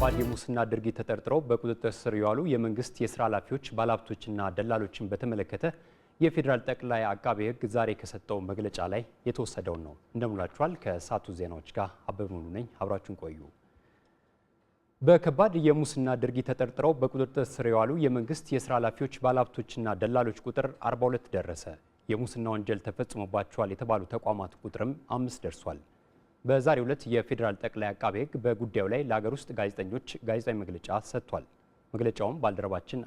ከባድ የሙስና ድርጊት ተጠርጥረው በቁጥጥር ስር የዋሉ የመንግስት የስራ ኃላፊዎች፣ ባለሀብቶችና ደላሎችን በተመለከተ የፌዴራል ጠቅላይ አቃቤ ሕግ ዛሬ ከሰጠው መግለጫ ላይ የተወሰደውን ነው። እንደምላችኋል ከሳቱ ዜናዎች ጋር አበበ ሙሉ ነኝ። አብራችሁን ቆዩ። በከባድ የሙስና ድርጊት ተጠርጥረው በቁጥጥር ስር የዋሉ የመንግስት የስራ ኃላፊዎች፣ ባለሀብቶችና ደላሎች ቁጥር 42 ደረሰ። የሙስና ወንጀል ተፈጽሞባቸዋል የተባሉ ተቋማት ቁጥርም አምስት ደርሷል። በዛሬው ዕለት የፌዴራል ጠቅላይ አቃቤ ሕግ በጉዳዩ ላይ ለሀገር ውስጥ ጋዜጠኞች ጋዜጣዊ መግለጫ ሰጥቷል። መግለጫውም ባልደረባችን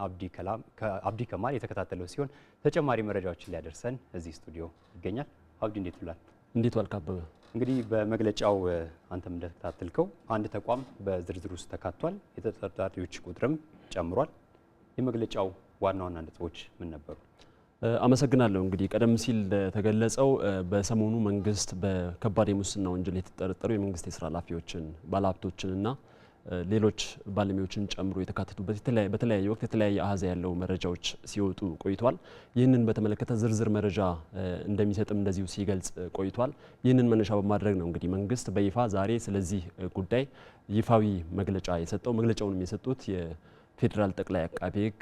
አብዲ ከማል የተከታተለው ሲሆን ተጨማሪ መረጃዎችን ሊያደርሰን እዚህ ስቱዲዮ ይገኛል። አብዲ እንዴት ብሏል? እንዴት ዋልክ አበበ? እንግዲህ በመግለጫው አንተም እንደተከታተልከው አንድ ተቋም በዝርዝር ውስጥ ተካቷል። የተጠርጣሪዎች ቁጥርም ጨምሯል። የመግለጫው ዋና ዋና ነጥቦች ምን ነበሩ? አመሰግናለሁ። እንግዲህ ቀደም ሲል እንደተገለጸው በሰሞኑ መንግስት በከባድ የሙስና ወንጀል የተጠረጠሩ የመንግስት የስራ ኃላፊዎችን ባለሀብቶችንና ሌሎች ባለሙያዎችን ጨምሮ የተካተቱበት በተለያየ ወቅት የተለያየ አሃዛ ያለው መረጃዎች ሲወጡ ቆይቷል። ይህንን በተመለከተ ዝርዝር መረጃ እንደሚሰጥም እንደዚሁ ሲገልጽ ቆይቷል። ይህንን መነሻ በማድረግ ነው እንግዲህ መንግስት በይፋ ዛሬ ስለዚህ ጉዳይ ይፋዊ መግለጫ የሰጠው። መግለጫውንም የሰጡት የፌዴራል ጠቅላይ አቃቤ ሕግ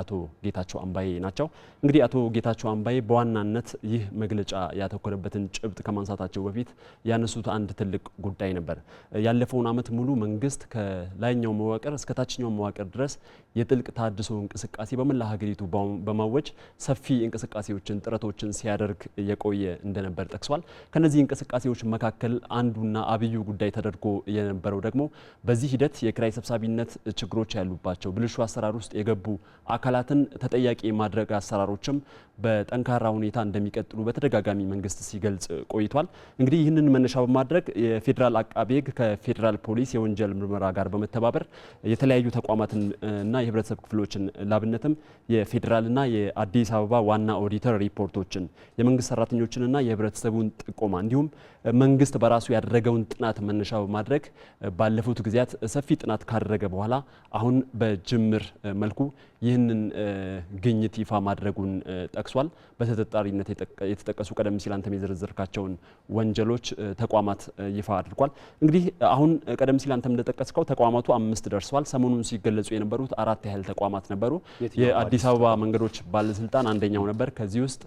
አቶ ጌታቸው አምባዬ ናቸው። እንግዲህ አቶ ጌታቸው አምባዬ በዋናነት ይህ መግለጫ ያተኮረበትን ጭብጥ ከማንሳታቸው በፊት ያነሱት አንድ ትልቅ ጉዳይ ነበር። ያለፈውን ዓመት ሙሉ መንግስት ከላይኛው መዋቅር እስከ ታችኛው መዋቅር ድረስ የጥልቅ ታድሶ እንቅስቃሴ በመላ ሀገሪቱ በማወጅ ሰፊ እንቅስቃሴዎችን፣ ጥረቶችን ሲያደርግ የቆየ እንደነበር ጠቅሷል። ከነዚህ እንቅስቃሴዎች መካከል አንዱና አብዩ ጉዳይ ተደርጎ የነበረው ደግሞ በዚህ ሂደት የክራይ ሰብሳቢነት ችግሮች ያሉባቸው ብልሹ አሰራር ውስጥ የገቡ አካል አካላትን ተጠያቂ የማድረግ አሰራሮችም በጠንካራ ሁኔታ እንደሚቀጥሉ በተደጋጋሚ መንግስት ሲገልጽ ቆይቷል። እንግዲህ ይህንን መነሻ በማድረግ የፌዴራል አቃቤ ሕግ ከፌዴራል ፖሊስ የወንጀል ምርመራ ጋር በመተባበር የተለያዩ ተቋማትን እና የህብረተሰብ ክፍሎችን ላብነትም የፌዴራልና የአዲስ አበባ ዋና ኦዲተር ሪፖርቶችን የመንግስት ሰራተኞችንና የህብረተሰቡን ጥቆማ እንዲሁም መንግስት በራሱ ያደረገውን ጥናት መነሻ በማድረግ ባለፉት ጊዜያት ሰፊ ጥናት ካደረገ በኋላ አሁን በጅምር መልኩ ይህንን ይህንን ግኝት ይፋ ማድረጉን ጠቅሷል። በተጠርጣሪነት የተጠቀሱ ቀደም ሲል አንተም የዘረዘርካቸውን ወንጀሎች ተቋማት ይፋ አድርጓል። እንግዲህ አሁን ቀደም ሲል አንተም እንደጠቀስከው ተቋማቱ አምስት ደርሰዋል። ሰሞኑን ሲገለጹ የነበሩት አራት ያህል ተቋማት ነበሩ። የአዲስ አበባ መንገዶች ባለስልጣን አንደኛው ነበር። ከዚህ ውስጥ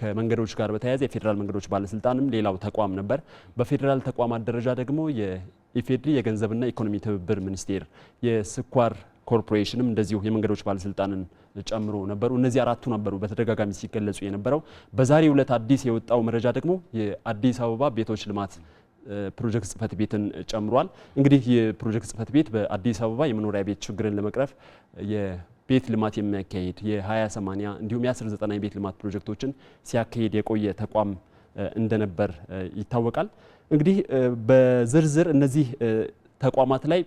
ከመንገዶች ጋር በተያያዘ የፌዴራል መንገዶች ባለስልጣንም ሌላው ተቋም ነበር። በፌዴራል ተቋማት ደረጃ ደግሞ የኢፌድሪ የገንዘብና ኢኮኖሚ ትብብር ሚኒስቴር፣ የስኳር ኮርፖሬሽንም እንደዚሁ የመንገዶች ባለስልጣንን ጨምሮ ነበሩ። እነዚህ አራቱ ነበሩ በተደጋጋሚ ሲገለጹ የነበረው። በዛሬው ዕለት አዲስ የወጣው መረጃ ደግሞ የአዲስ አበባ ቤቶች ልማት ፕሮጀክት ጽህፈት ቤትን ጨምሯል። እንግዲህ የፕሮጀክት ጽህፈት ቤት በአዲስ አበባ የመኖሪያ ቤት ችግርን ለመቅረፍ የቤት ልማት የሚያካሄድ የ20/80 እንዲሁም የ10/90 የቤት ልማት ፕሮጀክቶችን ሲያካሄድ የቆየ ተቋም እንደነበር ይታወቃል። እንግዲህ በዝርዝር እነዚህ ተቋማት ላይ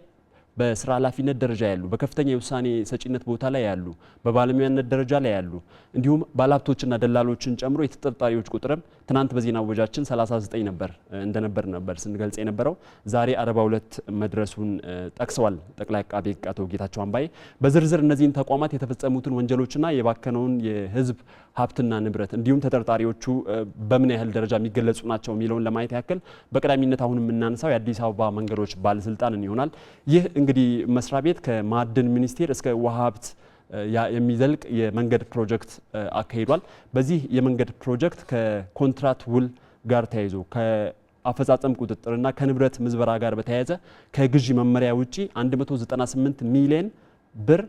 በስራ ኃላፊነት ደረጃ ያሉ፣ በከፍተኛ የውሳኔ ሰጪነት ቦታ ላይ ያሉ፣ በባለሙያነት ደረጃ ላይ ያሉ እንዲሁም ባለሀብቶችና ደላሎችን ጨምሮ የተጠርጣሪዎች ቁጥርም ትናንት በዜና ወጃችን 39 ነበር እንደነበር ነበር ስንገልጽ የነበረው ዛሬ 42 መድረሱን ጠቅሰዋል ጠቅላይ አቃቤ ሕግ አቶ ጌታቸው አምባዬ። በዝርዝር እነዚህን ተቋማት የተፈጸሙትን ወንጀሎችና የባከነውን የህዝብ ሀብትና ንብረት እንዲሁም ተጠርጣሪዎቹ በምን ያህል ደረጃ የሚገለጹ ናቸው የሚለውን ለማየት ያክል በቀዳሚነት አሁን የምናነሳው የአዲስ አበባ መንገዶች ባለስልጣንን ይሆናል። ይህ እንግዲህ መስሪያ ቤት ከማዕድን ሚኒስቴር እስከ ውሃ ሀብት የሚዘልቅ የመንገድ ፕሮጀክት አካሂዷል። በዚህ የመንገድ ፕሮጀክት ከኮንትራት ውል ጋር ተያይዞ ከአፈጻጸም ቁጥጥርና ከንብረት ምዝበራ ጋር በተያያዘ ከግዢ መመሪያ ውጪ 198 ሚሊዮን ብር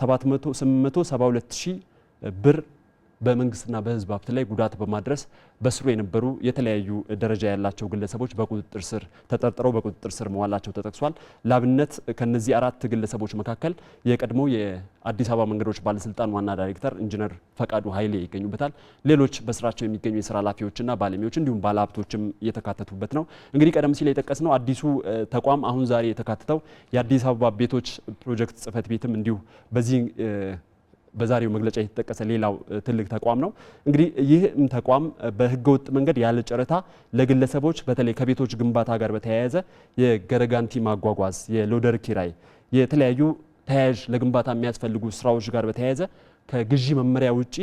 772 ብር በመንግስትና በህዝብ ሀብት ላይ ጉዳት በማድረስ በስሩ የነበሩ የተለያዩ ደረጃ ያላቸው ግለሰቦች በቁጥጥር ስር ተጠርጥረው በቁጥጥር ስር መዋላቸው ተጠቅሷል። ላብነት ከነዚህ አራት ግለሰቦች መካከል የቀድሞ የአዲስ አበባ መንገዶች ባለስልጣን ዋና ዳይሬክተር ኢንጂነር ፈቃዱ ኃይሌ ይገኙበታል። ሌሎች በስራቸው የሚገኙ የስራ ኃላፊዎችና ባለሙያዎች እንዲሁም ባለሀብቶችም እየተካተቱበት ነው። እንግዲህ ቀደም ሲል ነው አዲሱ ተቋም አሁን ዛሬ የተካተተው የአዲስ አበባ ቤቶች ፕሮጀክት ጽህፈት ቤትም እንዲሁ በዚህ በዛሬው መግለጫ የተጠቀሰ ሌላው ትልቅ ተቋም ነው። እንግዲህ ይህም ተቋም በህገወጥ መንገድ ያለ ጨረታ ለግለሰቦች በተለይ ከቤቶች ግንባታ ጋር በተያያዘ የገረጋንቲ ማጓጓዝ፣ የሎደር ኪራይ፣ የተለያዩ ተያያዥ ለግንባታ የሚያስፈልጉ ስራዎች ጋር በተያያዘ ከግዢ መመሪያ ውጪ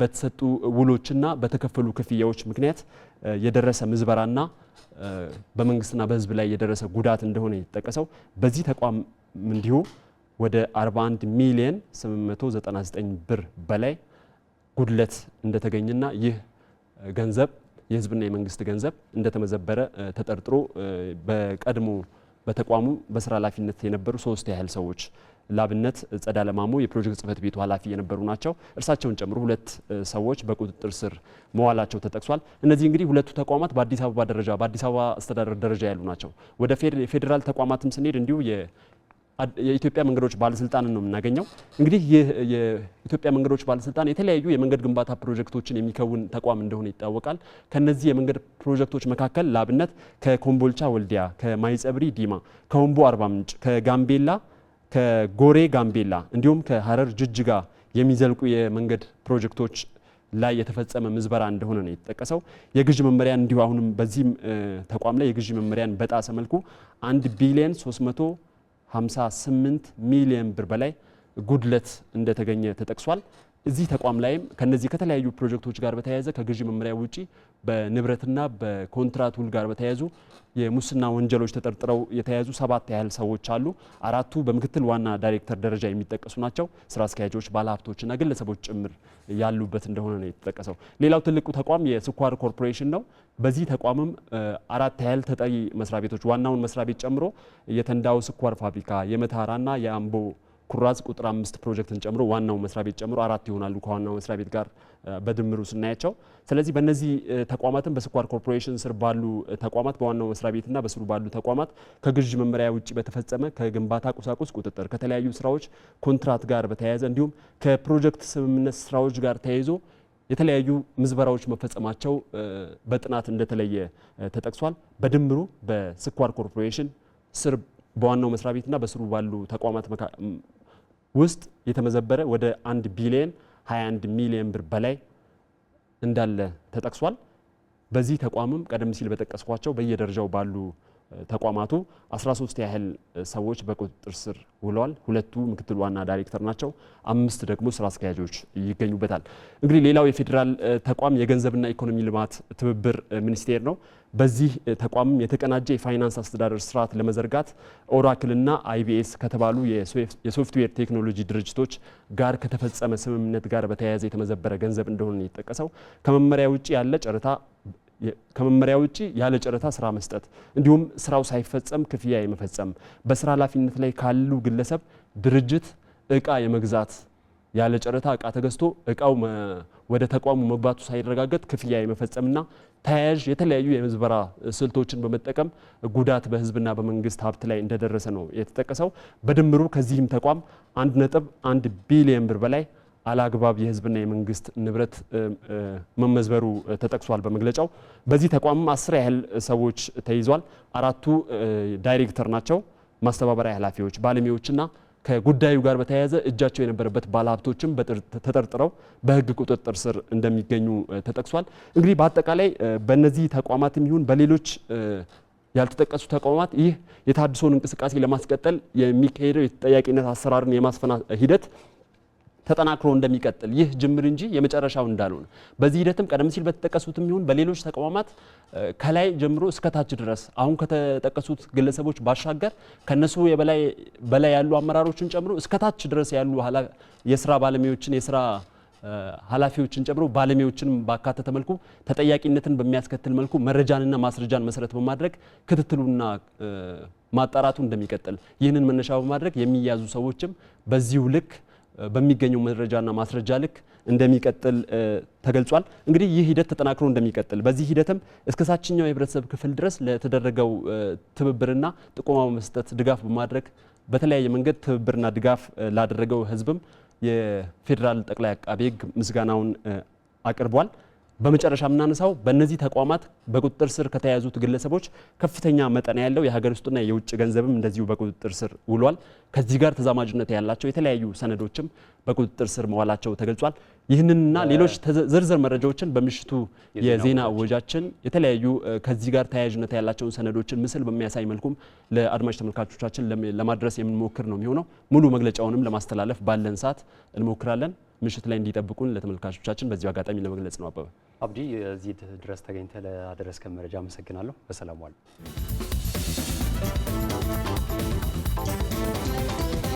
በተሰጡ ውሎችና በተከፈሉ ክፍያዎች ምክንያት የደረሰ ምዝበራና በመንግስትና በህዝብ ላይ የደረሰ ጉዳት እንደሆነ የተጠቀሰው በዚህ ተቋም እንዲሁ ወደ 41 ሚሊዮን 899 ብር በላይ ጉድለት እንደተገኘና ይህ ገንዘብ የህዝብና የመንግስት ገንዘብ እንደተመዘበረ ተጠርጥሮ በቀድሞ በተቋሙ በስራ ኃላፊነት የነበሩ ሶስት ያህል ሰዎች ላብነት ጸዳ ለማሞ የፕሮጀክት ጽህፈት ቤቱ ኃላፊ የነበሩ ናቸው። እርሳቸውን ጨምሮ ሁለት ሰዎች በቁጥጥር ስር መዋላቸው ተጠቅሷል። እነዚህ እንግዲህ ሁለቱ ተቋማት በአዲስ አበባ ደረጃ በአዲስ አበባ አስተዳደር ደረጃ ያሉ ናቸው። ወደ ፌዴራል ተቋማትም ስንሄድ እንዲሁ የኢትዮጵያ መንገዶች ባለስልጣንን ነው የምናገኘው። እንግዲህ ይህ የኢትዮጵያ መንገዶች ባለስልጣን የተለያዩ የመንገድ ግንባታ ፕሮጀክቶችን የሚከውን ተቋም እንደሆነ ይታወቃል። ከነዚህ የመንገድ ፕሮጀክቶች መካከል ለአብነት ከኮምቦልቻ ወልዲያ፣ ከማይጸብሪ ዲማ፣ ከወንቦ አርባ ምንጭ፣ ከጋምቤላ ከጎሬ ጋምቤላ እንዲሁም ከሀረር ጅጅጋ የሚዘልቁ የመንገድ ፕሮጀክቶች ላይ የተፈጸመ ምዝበራ እንደሆነ ነው የተጠቀሰው። የግዥ መመሪያን እንዲሁ አሁንም በዚህም ተቋም ላይ የግዥ መመሪያን በጣሰ መልኩ አንድ ቢሊየን 300 58 ሚሊዮን ብር በላይ ጉድለት እንደተገኘ ተጠቅሷል። እዚህ ተቋም ላይም ከነዚህ ከተለያዩ ፕሮጀክቶች ጋር በተያያዘ ከግዢ መመሪያ ውጪ በንብረትና በኮንትራት ውል ጋር በተያያዙ የሙስና ወንጀሎች ተጠርጥረው የተያያዙ ሰባት ያህል ሰዎች አሉ። አራቱ በምክትል ዋና ዳይሬክተር ደረጃ የሚጠቀሱ ናቸው። ስራ አስኪያጆች፣ ባለሀብቶችና ግለሰቦች ጭምር ያሉበት እንደሆነ ነው የተጠቀሰው። ሌላው ትልቁ ተቋም የስኳር ኮርፖሬሽን ነው። በዚህ ተቋምም አራት ያህል ተጠሪ መስሪያ ቤቶች ዋናውን መስሪያ ቤት ጨምሮ የተንዳው ስኳር ፋብሪካ፣ የመታራና የአምቦ ኩራዝ ቁጥር አምስት ፕሮጀክትን ጨምሮ ዋናው መስሪያ ቤት ጨምሮ አራት ይሆናሉ ከዋናው መስሪያ ቤት ጋር በድምሩ ስናያቸው። ስለዚህ በእነዚህ ተቋማትን በስኳር ኮርፖሬሽን ስር ባሉ ተቋማት በዋናው መስሪያ ቤትና በስሩ ባሉ ተቋማት ከግዥ መመሪያ ውጭ በተፈጸመ ከግንባታ ቁሳቁስ ቁጥጥር፣ ከተለያዩ ስራዎች ኮንትራት ጋር በተያያዘ እንዲሁም ከፕሮጀክት ስምምነት ስራዎች ጋር ተያይዞ የተለያዩ ምዝበራዎች መፈጸማቸው በጥናት እንደተለየ ተጠቅሷል። በድምሩ በስኳር ኮርፖሬሽን ስር በዋናው መስሪያ ቤትና በስሩ ባሉ ተቋማት ውስጥ የተመዘበረ ወደ 1 ቢሊዮን 21 ሚሊዮን ብር በላይ እንዳለ ተጠቅሷል። በዚህ ተቋምም ቀደም ሲል በጠቀስኳቸው በየደረጃው ባሉ ተቋማቱ 13 ያህል ሰዎች በቁጥጥር ስር ውለዋል። ሁለቱ ምክትል ዋና ዳይሬክተር ናቸው። አምስት ደግሞ ስራ አስኪያጆች ይገኙበታል። እንግዲህ ሌላው የፌዴራል ተቋም የገንዘብና ኢኮኖሚ ልማት ትብብር ሚኒስቴር ነው። በዚህ ተቋም የተቀናጀ የፋይናንስ አስተዳደር ስርዓት ለመዘርጋት ኦራክልና አይቢኤስ ከተባሉ የሶፍትዌር ቴክኖሎጂ ድርጅቶች ጋር ከተፈጸመ ስምምነት ጋር በተያያዘ የተመዘበረ ገንዘብ እንደሆነ ይጠቀሰው ከመመሪያ ውጭ ያለ ጨረታ ከመመሪያ ውጭ ያለ ጨረታ ስራ መስጠት እንዲሁም ስራው ሳይፈጸም ክፍያ የመፈጸም በስራ ኃላፊነት ላይ ካሉ ግለሰብ፣ ድርጅት እቃ የመግዛት ያለ ጨረታ እቃ ተገዝቶ እቃው ወደ ተቋሙ መግባቱ ሳይረጋገጥ ክፍያ የመፈጸምና ተያያዥ የተለያዩ የምዝበራ ስልቶችን በመጠቀም ጉዳት በህዝብና በመንግስት ሀብት ላይ እንደደረሰ ነው የተጠቀሰው። በድምሩ ከዚህም ተቋም አንድ አንድ ቢሊየን ብር በላይ አላግባብ የህዝብና የመንግስት ንብረት መመዝበሩ ተጠቅሷል በመግለጫው። በዚህ ተቋም አስር ያህል ሰዎች ተይዟል። አራቱ ዳይሬክተር ናቸው፣ ማስተባበሪያ ኃላፊዎች፣ ባለሙያዎችና ከጉዳዩ ጋር በተያያዘ እጃቸው የነበረበት ባለሀብቶችም ተጠርጥረው በህግ ቁጥጥር ስር እንደሚገኙ ተጠቅሷል። እንግዲህ በአጠቃላይ በእነዚህ ተቋማትም ይሁን በሌሎች ያልተጠቀሱ ተቋማት ይህ የታድሶን እንቅስቃሴ ለማስቀጠል የሚካሄደው የተጠያቂነት አሰራርን የማስፈና ሂደት ተጠናክሮ እንደሚቀጥል ይህ ጅምር እንጂ የመጨረሻው እንዳልሆነ በዚህ ሂደትም ቀደም ሲል በተጠቀሱትም ይሁን በሌሎች ተቋማት ከላይ ጀምሮ እስከ ታች ድረስ አሁን ከተጠቀሱት ግለሰቦች ባሻገር ከነሱ የበላይ በላይ ያሉ አመራሮችን ጨምሮ እስከ ታች ድረስ ያሉ የስራ ባለሙያዎችን የስራ ኃላፊዎችን ጨምሮ ባለሙያዎችን ባካተተ መልኩ ተጠያቂነትን በሚያስከትል መልኩ መረጃንና ማስረጃን መሰረት በማድረግ ክትትሉና ማጣራቱ እንደሚቀጥል ይህንን መነሻ በማድረግ የሚያዙ ሰዎችም በዚሁ ልክ በሚገኘው መረጃና ማስረጃ ልክ እንደሚቀጥል ተገልጿል። እንግዲህ ይህ ሂደት ተጠናክሮ እንደሚቀጥል በዚህ ሂደትም እስከሳችኛው የህብረተሰብ ክፍል ድረስ ለተደረገው ትብብርና ጥቆማ በመስጠት ድጋፍ በማድረግ በተለያየ መንገድ ትብብርና ድጋፍ ላደረገው ህዝብም የፌዴራል ጠቅላይ አቃቤ ህግ ምስጋናውን አቅርቧል። በመጨረሻ የምናነሳው በእነዚህ ተቋማት በቁጥጥር ስር ከተያዙት ግለሰቦች ከፍተኛ መጠን ያለው የሀገር ውስጥና የውጭ ገንዘብም እንደዚሁ በቁጥጥር ስር ውሏል። ከዚህ ጋር ተዛማጅነት ያላቸው የተለያዩ ሰነዶችም በቁጥጥር ስር መዋላቸው ተገልጿል። ይህንንና ሌሎች ዝርዝር መረጃዎችን በምሽቱ የዜና እወጃችን የተለያዩ ከዚህ ጋር ተያያዥነት ያላቸውን ሰነዶችን ምስል በሚያሳይ መልኩም ለአድማጭ ተመልካቾቻችን ለማድረስ የምንሞክር ነው የሚሆነው። ሙሉ መግለጫውንም ለማስተላለፍ ባለን ሰዓት እንሞክራለን። ምሽት ላይ እንዲጠብቁን ለተመልካቾቻችን በዚሁ አጋጣሚ ለመግለጽ ነው። አበበ አብዲ፣ እዚህ ድረስ ተገኝተ ለአደረስከን መረጃ አመሰግናለሁ። በሰላም ዋሉ።